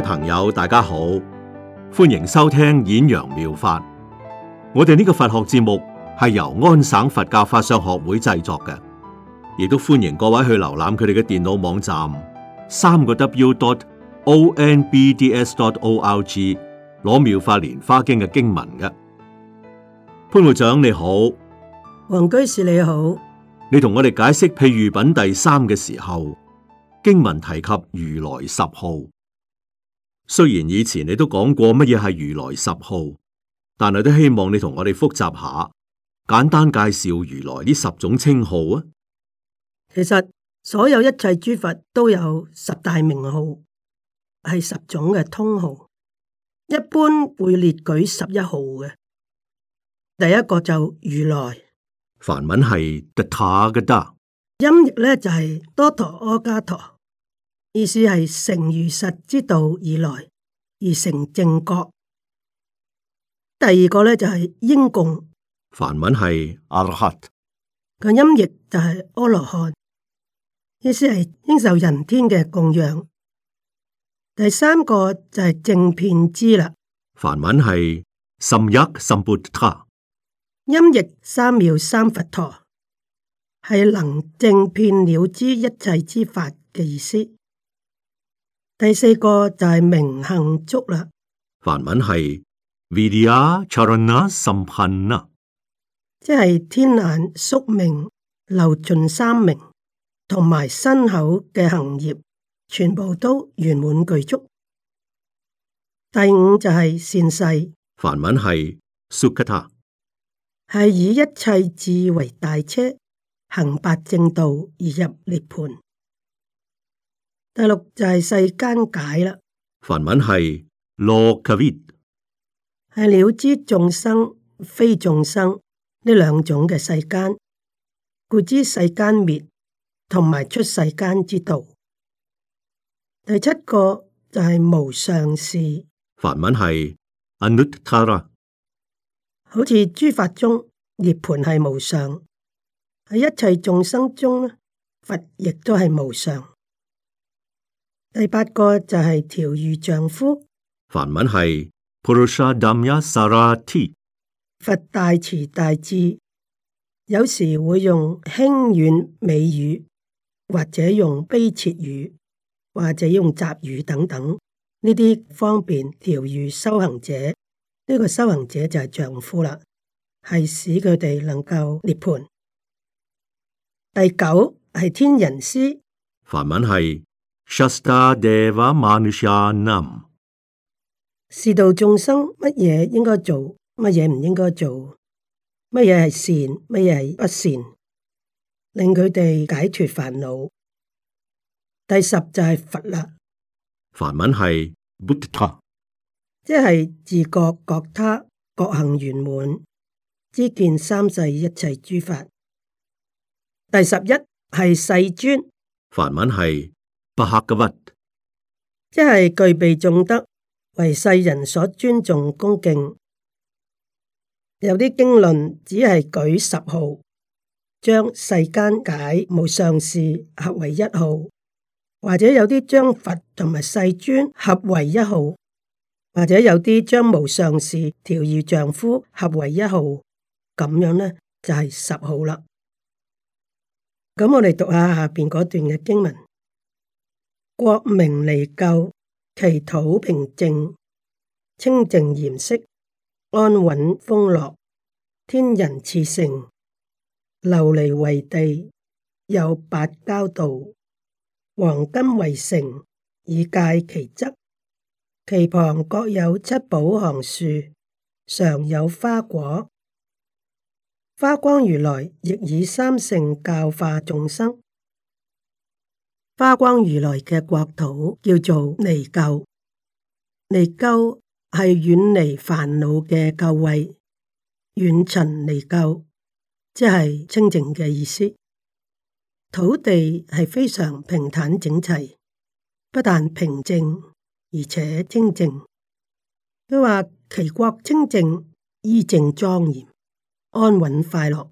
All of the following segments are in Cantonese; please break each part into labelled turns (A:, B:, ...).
A: 朋友，大家好，歡迎收聽演揚妙，妙法。我哋呢個佛學節目係由安省佛教法相學會製作嘅，亦都歡迎各位去瀏覽佢哋嘅電腦網站三個 w dot o n b d s dot o r g 攞妙法蓮花經嘅經文嘅。潘會長你好，
B: 黃居士你好，
A: 你同我哋解釋譬喻品第三嘅時候，經文提及如來十號。雖然以前你都講過乜嘢係如來十號，但係都希望你同我哋複習下，簡單介紹如來呢十種稱號啊。
B: 其實所有一切諸佛都有十大名號，係十種嘅通號，一般會列舉十一號嘅。第一個就如來，
A: 梵文係得塔嘅得，
B: 音譯咧就係、是、多陀阿伽陀。意思係成如實之道而來而成正覺。第二個咧就係、是、應供。
A: 梵文係阿，阿羅漢，
B: 個音譯就係阿羅漢，意思係應受人天嘅供養。第三個就係正遍知啦，
A: 梵文係甚一甚佛陀，
B: 音譯三藐三佛陀，係能正遍了知一切之法嘅意思。第四個就係明行足啦。
A: 梵文係 Vidyacharana Sampanna，
B: 即係天眼、宿命、漏盡三明，同埋身口嘅行業，全部都圓滿具足。第五就係善逝。
A: 梵文係 Sukata，
B: 係以一切智為大車，行八正道而入涅盤。第六就係世間解啦，
A: 梵文係 Lokavid，
B: 係了知眾生非眾生呢兩種嘅世間，故知世間滅同埋出世間之道。第七個就係無上士，
A: 梵文係 Anuttara，
B: 好似諸法中涅槃係無上，喺一切眾生中呢，佛亦都係無上。第八個就係調御丈夫，
A: 梵文係 p r s h a d a m y a s a r a t i。
B: 佛大慈大智，有時會用輕軟美語，或者用卑切語，或者用雜語等等，呢啲方便調御修行者。呢個修行者就係丈夫啦，係使佢哋能夠涅槃。第九係天人師，梵文係。世道眾生乜嘢應該做，乜嘢唔應該做，乜嘢係善，乜嘢係不善，令佢哋解脫煩惱。第十就係佛喇，
A: 梵文係 Buddha，
B: 即係自覺、覺他、覺行圓滿，知見三世一切諸法。第十一係世尊，
A: 梵文係不吓
B: 即係具備眾德，為世人所尊重恭敬。有啲經論只係舉十號，將世間解無上士合為一號，或者有啲將佛同埋世尊合為一號，或者有啲將無上士調御丈夫合為一號，咁樣呢，就係十號啦。咁我哋讀下下邊嗰段嘅經文。國名離垢，其土平正，清淨嚴飾，安穩豐樂，天人熾盛。琉璃為地，有八交道，黃金為城，以界其質。其旁各有七寶行樹，常有花果，花光如來亦以三乘教化眾生。花光如來嘅國土叫做離垢，離垢係遠離煩惱嘅垢穢，遠塵離垢，即係清淨嘅意思。土地係非常平坦整齊，不但平靜，而且清淨。佢話其國清淨，依正莊嚴，安穩快樂。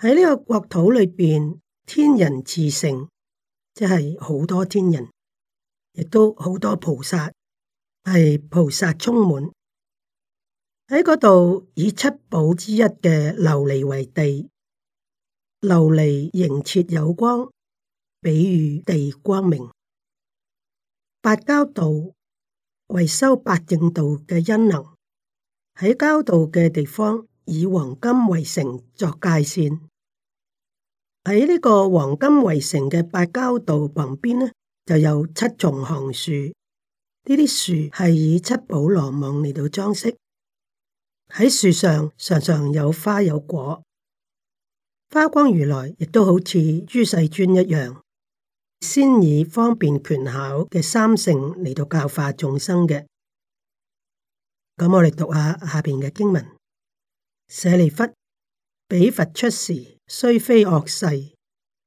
B: 喺呢個國土裏邊，天人熾盛。即係好多天人，亦都好多菩薩，係菩薩充滿喺嗰度，以七寶之一嘅琉璃為地，琉璃瑩澈有光，比喻地光明。八交道為修八正道嘅恩能，喺交道嘅地方，以黃金為城作界線。喺呢個黃金圍城嘅八交道旁邊呢，就有七重行樹。呢啲樹係以七寶羅網嚟到裝飾。喺樹上常常有花有果，花光如來亦都好似諸世尊一樣，先以方便權巧嘅三乘嚟到教化眾生嘅。咁我哋讀下下邊嘅經文：舍利弗。比佛出時，雖非惡世，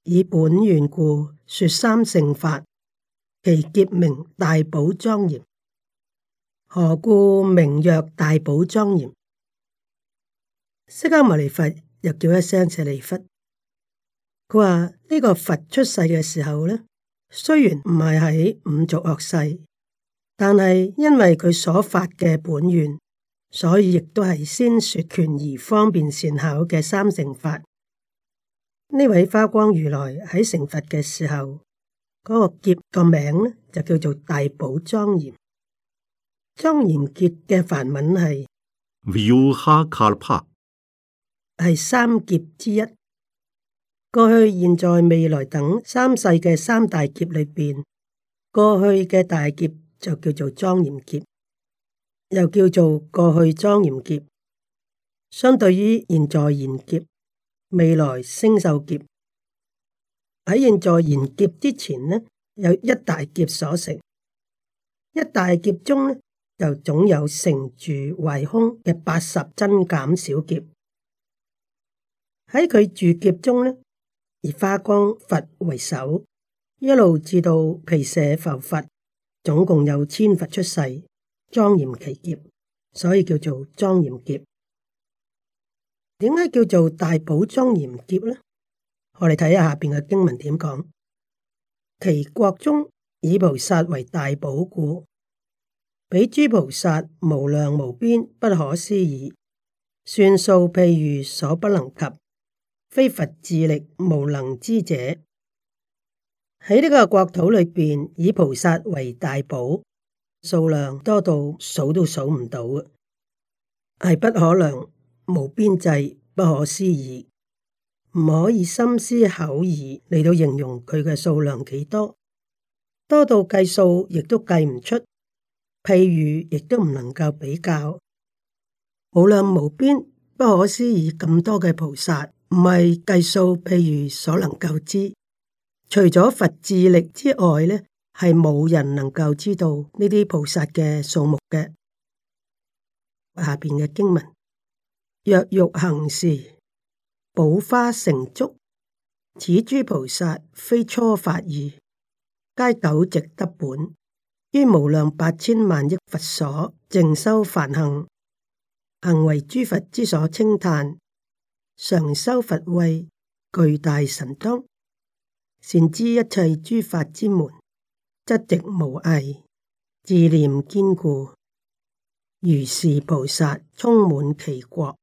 B: 以本願故說三乘法，其劫名大寶莊嚴。何故名曰大寶莊嚴？釋迦牟尼佛又叫一聲舍利弗，佢話呢個佛出世嘅時候呢，雖然唔係喺五濁惡世，但係因為佢所發嘅本願。所以亦都係先說權而方便善巧嘅三乘法。呢位花光如來喺成佛嘅時候，嗰、那個劫個名就叫做大寶莊嚴。莊嚴劫嘅梵文係
A: Vyuhakalpa，、ah、
B: 係三劫之一。過去、現在、未來等三世嘅三大劫裏邊，過去嘅大劫就叫做莊嚴劫。又叫做過去莊嚴劫，相對於現在賢劫、未來星宿劫，喺現在賢劫之前呢，有一大劫所成，一大劫中呢，又總有成住壞空嘅八十增減小劫。喺佢住劫中呢，以花光佛為首，一路至到毗舍浮佛，總共有千佛出世。莊嚴其劫，所以叫做莊嚴劫。點解叫做大寶莊嚴劫呢？我哋睇下下邊嘅經文點講。其國中以菩薩為大寶故，比諸菩薩無量無邊，不可思議，算數譬喻所不能及，非佛智力無能知者。喺呢個國土裏邊，以菩薩為大寶。數量多到數都數唔到，係不可量、無邊際、不可思議，唔可以心思口議嚟到形容佢嘅數量幾多，多到計數亦都計唔出。譬如亦都唔能夠比較，無量無邊不可思議咁多嘅菩薩，唔係計數，譬如所能夠知，除咗佛智力之外呢。係冇人能夠知道呢啲菩薩嘅數目嘅。下邊嘅經文，若欲行時，寶華承足。此諸菩薩非初發意，皆久植德本，於無量八千萬億佛所淨修梵行，行為諸佛之所稱歎，常修佛慧，具大神通，善知一切諸法之門。一直無礙，自念堅固，如是菩薩充滿其國。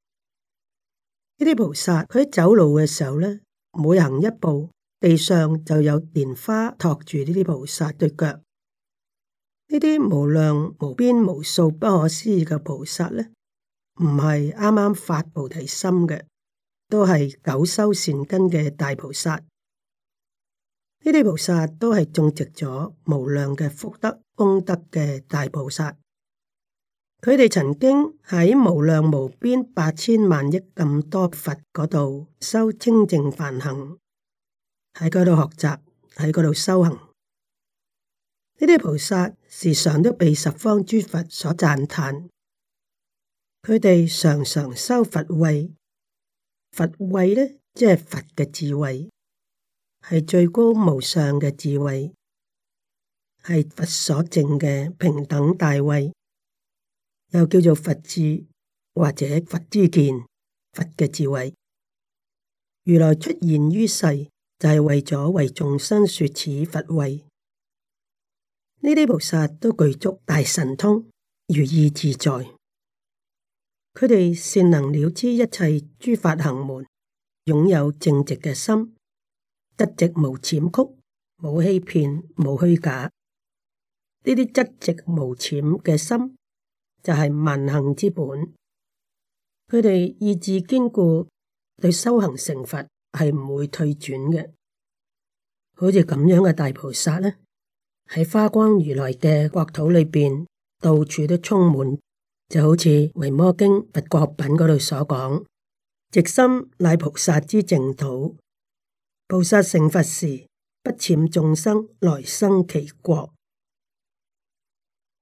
B: 呢啲菩薩佢喺走路嘅時候呢，每行一步，地上就有蓮花托住呢啲菩薩對腳。呢啲無量無邊無數不可思議嘅菩薩呢，唔係啱啱發菩提心嘅，都係久修善根嘅大菩薩。呢啲菩薩都係種植咗無量嘅福德功德嘅大菩薩，佢哋曾經喺無量無邊八千萬億咁多佛嗰度修清淨梵行，喺嗰度學習，喺嗰度修行。呢啲菩薩時常都被十方諸佛所讚歎，佢哋常常修佛慧，佛慧呢即係佛嘅智慧。係最高無上嘅智慧，係佛所證嘅平等大慧，又叫做佛智或者佛之見，佛嘅智慧。如來出現於世，就係、是、為咗為眾生說此佛慧。呢啲菩薩都具足大神通，如意自在。佢哋善能了知一切諸法行門，擁有正直嘅心。質直無淺曲，冇欺騙，冇虛假。呢啲質直無淺嘅心，就係、是、萬行之本。佢哋意志堅固，對修行成佛係唔會退轉嘅。好似咁樣嘅大菩薩呢，喺花光如來嘅國土裏邊，到處都充滿，就好似《維摩經》佛國品嗰度所講，直心乃菩薩之淨土。菩薩成佛時，不遣眾生來生其國。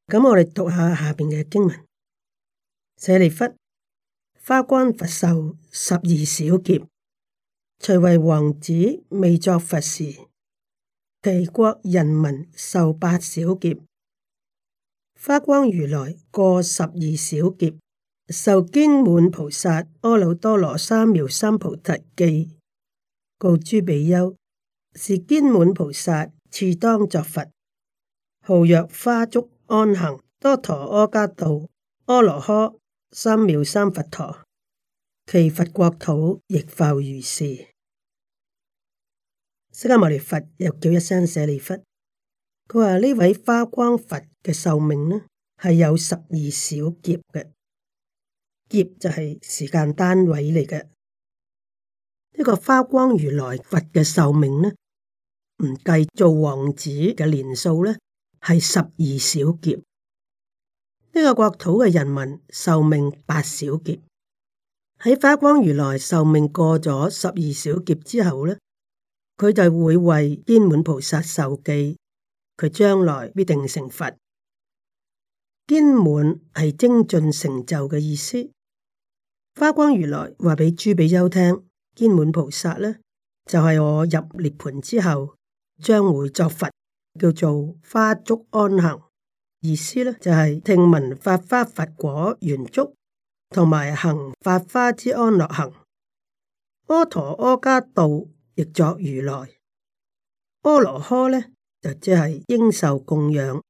B: 咁我哋讀下下邊嘅經文：舍利弗，花光佛壽十二小劫，除為王子未作佛時，其國人民壽八小劫。花光如來過十二小劫，授堅滿菩薩阿耨多羅三藐三菩提記。告諸比丘，是堅滿菩薩，次當作佛，號曰花足安行多陀阿伽度阿羅呵三藐三佛陀，其佛國土亦復如是。釋迦牟尼佛又叫一聲舍利弗。佢話呢位花光佛嘅壽命呢，係有十二小劫嘅，劫就係時間單位嚟嘅。呢個花光如來佛嘅壽命呢，唔計做王子嘅年數呢，係十二小劫。呢、這個國土嘅人民壽命八小劫。喺花光如來壽命過咗十二小劫之後呢，佢就會為堅滿菩薩受記，佢將來必定成佛。堅滿係精進成就嘅意思。花光如來話畀朱比丘聽。堅滿菩薩呢，就係我入涅盤之後將會作佛，叫做華足安行。意思呢，就係聽聞法華佛果圓足，同埋行法華之安樂行。阿陀阿伽度亦作如來。阿羅訶呢就即係應受供養。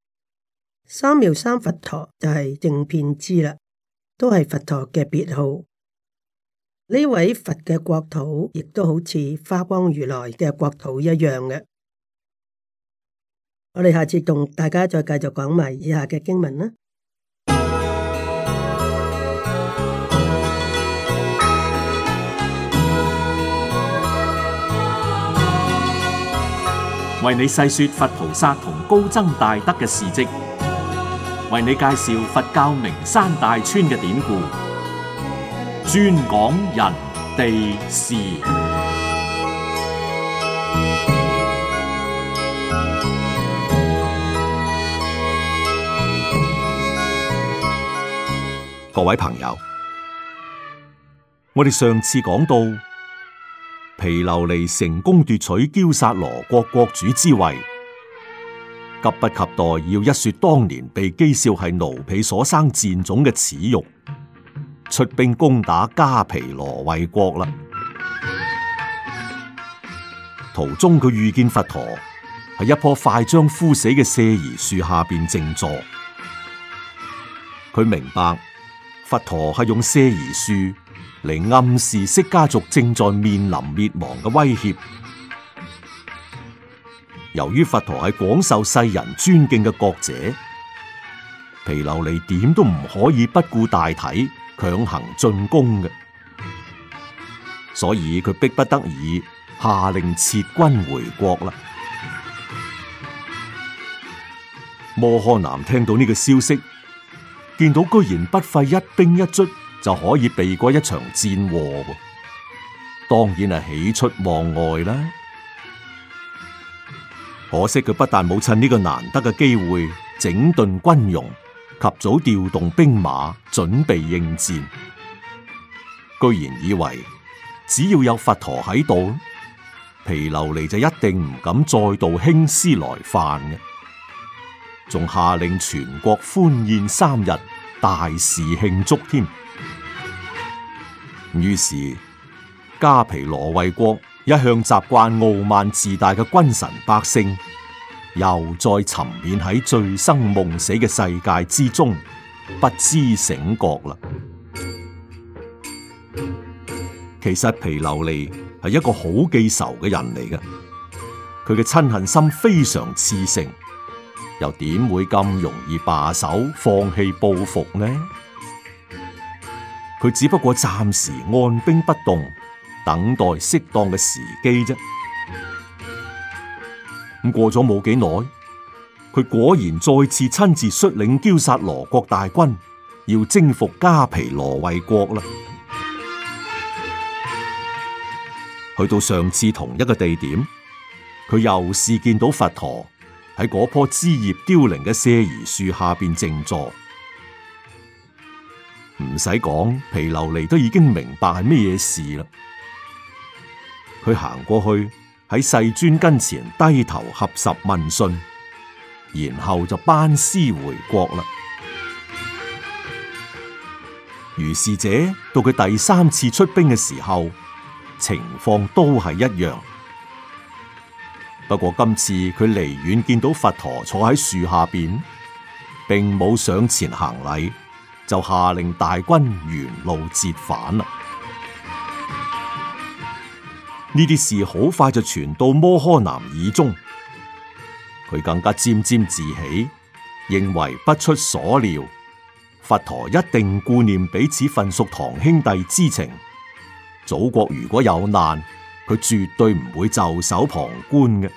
B: 三藐三佛陀就係正遍知啦，都係佛陀嘅別號。呢位佛嘅國土，亦都好似花光如來嘅國土一樣嘅。我哋下次同大家再繼續講埋以下嘅經文啦。
A: 為你細說佛菩薩同高僧大德嘅事跡，為你介紹佛教名山大川嘅典故。專講人哋
C: 事，
A: 各位朋友，我哋上次講到毗琉璃成功奪取憍薩羅國國主之位，急不及待要一雪當年被譏笑係奴婢所生賤種嘅恥辱。出兵攻打迦毗羅衛國啦！途中佢遇見佛陀，喺一棵快將枯死嘅娑羅樹下邊靜坐。佢明白佛陀係用娑羅樹嚟暗示釋迦族正在面臨滅亡嘅威脅。由於佛陀係廣受世人尊敬嘅國者，毗琉璃點都唔可以不顧大體。強行進攻嘅，所以佢迫不得已下令撤軍回國啦。摩訶男聽到呢個消息，見到居然不費一兵一卒就可以避過一場戰禍，當然係喜出望外啦。可惜佢不但冇趁呢個難得嘅機會整頓軍容。及早調動兵馬準備應戰，居然以為只要有佛陀喺度，毗琉璃就一定唔敢再度興師來犯嘅，仲下令全國歡宴三日，大肆慶祝添。於是，迦毗羅衛國一向習慣傲，傲慢自大嘅君臣百姓。又再沉眠喺醉生夢死嘅世界之中，不知醒覺啦。其實毗琉璃係一個好記仇嘅人嚟嘅，佢嘅瞋恨心非常熾盛，又點會咁容易罷手放棄報復呢？佢只不過暫時按兵不動，等待適當嘅時機啫。過咗冇幾耐，佢果然再次親自率領憍薩羅國大軍，要征服迦毗羅衛國啦。 去到上次同一個地點，佢又是見到佛陀喺嗰棵枝葉凋零嘅舍夷樹下邊靜坐。唔使講，毗琉璃都已經明白係咩嘢事啦。佢行過去。喺世尊跟前低頭合十問訊，然後就班師回國啦。如是者，到佢第三次出兵嘅時候，情況都係一樣。不過今次佢離遠見到佛陀坐喺樹下邊，並冇上前行禮，就下令大軍沿路折返啦。呢啲事好快就傳到摩訶男耳中，佢更加沾沾自喜，認為不出所料，佛陀一定顧念彼此份屬堂兄弟之情。祖國如果有難，佢絕對唔會袖手旁觀嘅。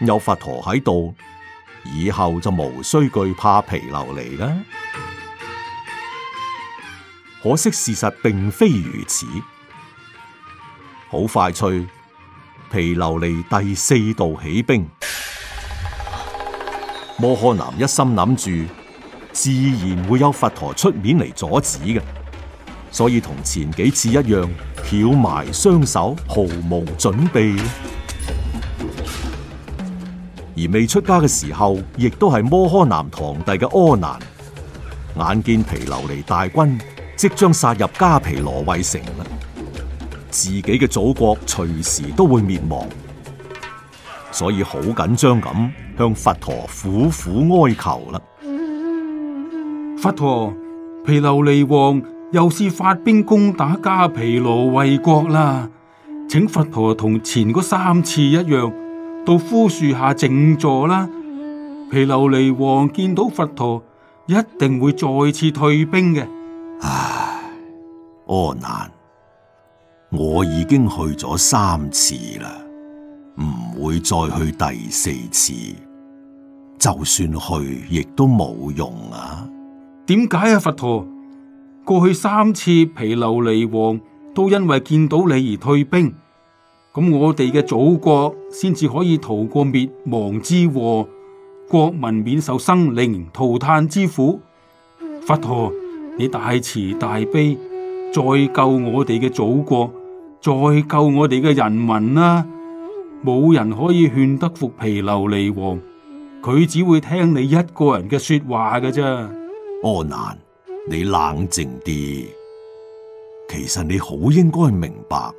A: 有佛陀喺度，以後就無需懼怕毗琉璃啦。可惜事實並非如此。好快脆，毗琉璃第四度起兵。摩訶男一心諗住，自然會有佛陀出面嚟阻止嘅，所以同前幾次一樣，翹埋雙手，毫無準備。而未出家嘅時候，亦都係摩訶男堂弟嘅阿難。眼見毗琉璃大軍即將殺入迦毗羅衛城啦。自己嘅祖國隨時都會滅亡，所以好緊
C: 張咁向佛陀苦苦哀求啦。佛陀，毗琉璃王又是發兵攻打迦毗羅衛國啦，請佛陀同前嗰三次一樣到枯樹下靜坐啦。毗琉璃王見到佛陀，一定會再次退兵嘅。唉，
A: 阿難。我已經去咗三次啦，唔會再去第
C: 四次。就算去，亦都冇用啊！點解啊，佛陀？過去三次，毗琉璃王都因為見到你而退兵。咁我哋嘅祖國先至可以逃過滅亡之禍，國民免受生靈塗炭之苦。佛陀，你大慈大悲，再救我哋嘅祖國！再救我哋嘅人民啦，啊！冇人可以勸得服毗琉璃王，佢只會聽你一個人嘅說話嘅啫。阿
A: 難，你冷靜啲。其實你好應該明白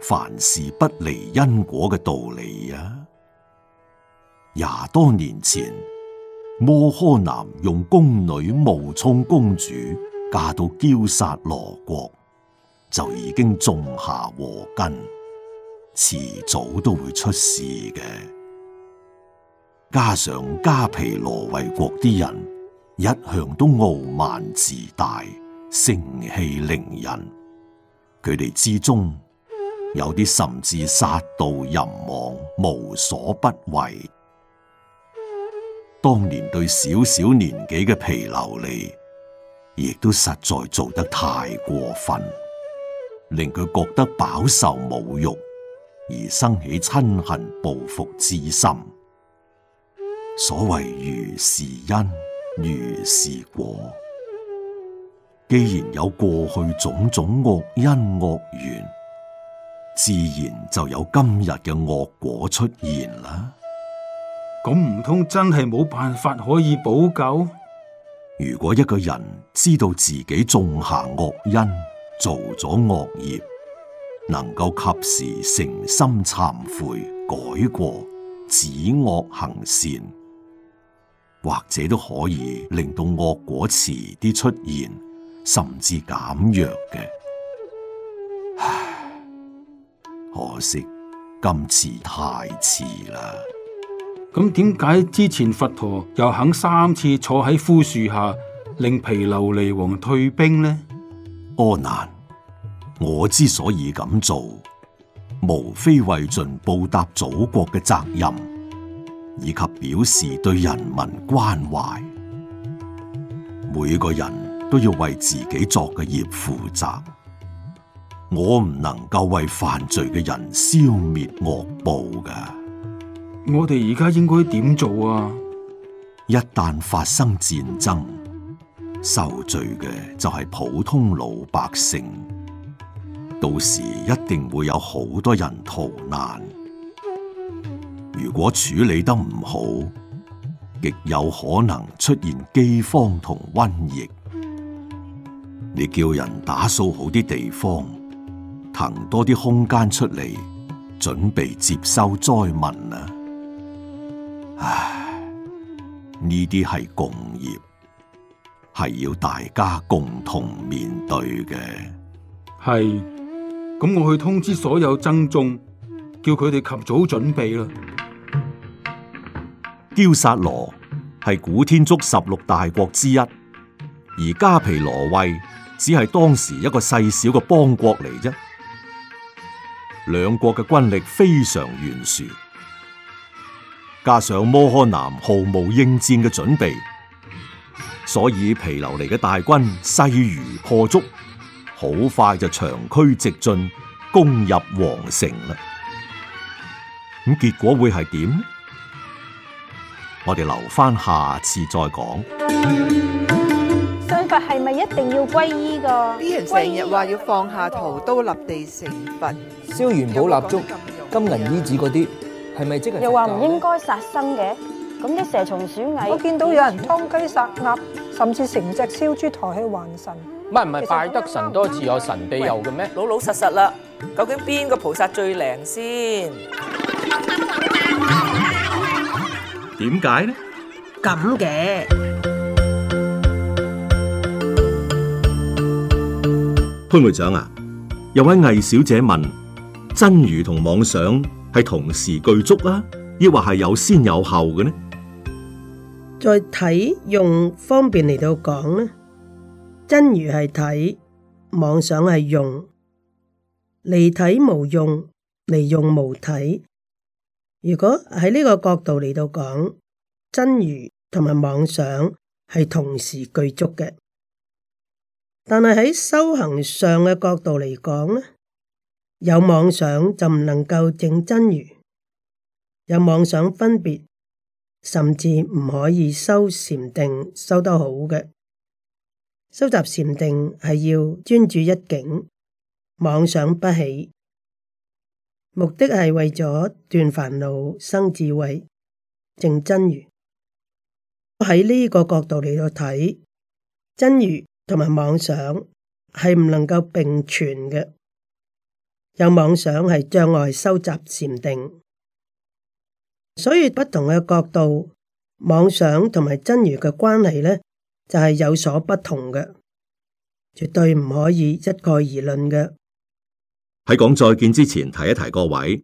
A: 凡事不離因果嘅道理啊。廿多年前，摩訶男用宮女冒充公主，嫁到嬌殺羅國。就已經種下禍根，遲早都會出事嘅。加上迦毗羅衛國啲人一向都傲慢自大、盛氣凌人，佢哋之中有啲甚至殺到人亡，無所不為。當年對小小年紀嘅毗琉璃，亦都實在做得太過分。令佢覺得飽受侮辱，而生起親恨報復之心。所謂如是因，如是果，既然有過去種種惡因惡緣，
C: 自然就有今日嘅惡果出現啦。咁唔通真係冇辦法可以補救？如果一個人
A: 知道自己種下惡因，做咗惡業，能夠及時誠心懺悔改過，止惡行善，或者都可以令到惡果遲啲出現，甚至減弱嘅。
C: 可惜今次太遲啦。咁點解之前佛陀又肯三次坐喺枯樹下令毗琉璃王退兵呢？阿難。我之所以咁
A: 做，無非為盡報答祖國嘅責任，以及表示對人民關懷。每個人都要為自己作嘅業負責。我唔能夠為犯罪嘅人消滅惡報㗎。我哋而家應該點做啊？一旦發生戰爭，受罪嘅就係普通老百姓。到時一定會有好多人逃難，如果處理得唔好，極有可能出現饑荒同瘟疫。你叫人打掃好啲地方，騰多啲空間出嚟，準備接收災民啊！唉，呢啲係共業，係要
C: 大家共同面對嘅。係。咁我去通知所有僧眾，叫佢哋及早準備啦。
A: 憍薩羅係古天竺十六大國之一，而迦毗羅衛只係當時一個細小嘅邦國嚟啫。兩國嘅軍力非常懸殊，加上摩訶男毫無應戰嘅準備，所以毗琉璃嘅大軍勢如破竹。好快就長驅直進，攻入皇城啦！咁結果會係點？我哋留翻下次再講。
C: 信
A: 佛係咪一定要皈依噶？啲人成日話要放下屠刀立地成佛，燒元寶蠟燭、金銀衣紙嗰啲，係咪即係？又話唔
B: 應該殺生嘅，咁啲蛇蟲鼠蟻，我見到有人劏雞殺鴨，甚至成隻燒豬抬去還神。
A: 唔係唔係，拜得神多自有神庇佑嘅咩？老老實實啦，究
B: 竟邊個菩薩最靈先？
A: 點解呢？
B: 咁嘅
A: 潘會長啊，有位魏小姐問：真如同妄想係同時具足啊，抑或係有先有後嘅呢？
B: 再睇用方便嚟到講呢。真如係體，妄想係用，離體無用，離用無體。如果喺呢個角度嚟到講，真如同埋妄想係同時具足嘅。但係喺修行上嘅角度嚟講咧，有妄想就唔能夠證真如，有妄想分別，甚至唔可以修禪定，修得好嘅。收集禪定係要專注一境，妄想不起，目的係為咗斷煩惱、生智慧、證真如。喺呢個角度嚟到睇，真如同埋妄想係唔能夠並存嘅，有妄想係障礙收集禪定。所以不同嘅角度，妄想同埋真如嘅關係呢，就係有所不同嘅，絕對唔可以一概而論嘅。
A: 喺講再見之前，提一提各位，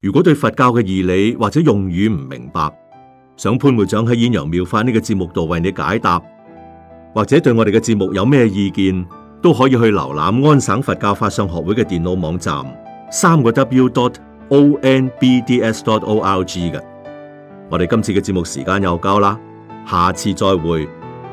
A: 如果對佛教嘅義理或者用語唔明白，想潘會長喺《演揚妙法》呢個節目度為你解答，或者對我哋嘅節目有咩意見，都可以去瀏覽安省佛教法相學會嘅電腦網站，三個 W dot O N B D S dot O L G 嘅。我哋今次嘅節目時間又夠啦，下次再會。